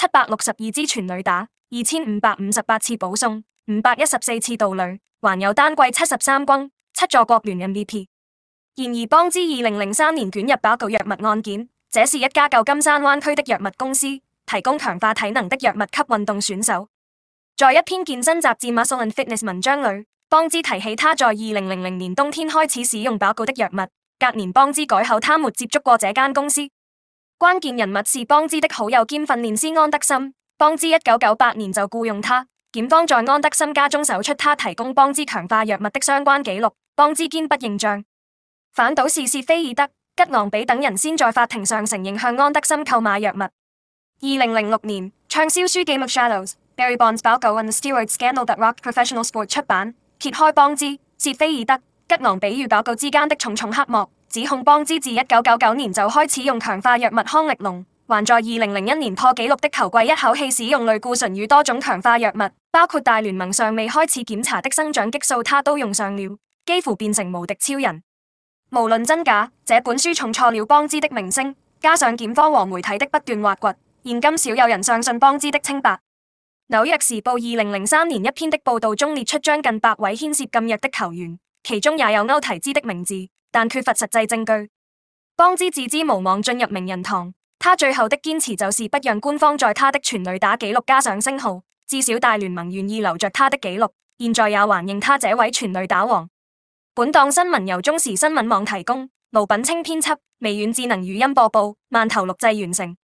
七百六十二支全壘打，二千五百五十八次保送，五百一十四次盜壘，還有單季七十三轟，七座國聯 MVP。然而，邦茲二零零三年捲入寶告藥物案件，這是一家舊金山灣區的藥物公司，提供強化體能的藥物給運動選手。在一篇健身雜誌《Muscle and Fitness》文章裏，邦茲提起他在二零零零年冬天開始使用寶告的藥物。隔年，邦茲改口他沒接觸過這間公司。關鍵人物是邦茲的好友兼訓練師安德森，邦茲一九九八年就僱傭他。檢方在安德森家中搜出他提供邦茲強化藥物的相關記錄，邦茲堅不認賬。反倒是薛非爾德、吉昂比等人先在法庭上承認向安德森購買藥物。二零零六年暢銷書《Game of Shadows: Barry Bonds、BALCO and the Steroid Scandal That Rocked Professional Sport》出版，揭開邦茲、薛非爾德、吉昂比與打狗之間的重重黑幕。指控邦茲自一九九九年就開始用強化藥物康力龍，還在二零零一年破紀錄的球季一口氣使用類固醇與多種強化藥物，包括大聯盟尚未開始檢查的生長激素，他都用上了，幾乎變成無敵超人。無論真假，這本書重挫了邦茲的名聲，加上檢方和媒體的不斷挖掘，現今少有人相信邦茲的清白。紐約時報二零零三年一篇的報道中列出將近百位牽涉禁藥的球員，其中也有歐提茲的名字。但缺乏實際證據，邦茲自知無望進入名人堂，他最後的堅持就是不讓官方在他的全壘打紀錄加上星號，至少大聯盟願意留着他的紀錄。現在也還認他這位全壘打王。本檔新聞由中時新聞網提供，盧品清編輯，微軟智能語音播報，饅頭錄製完成。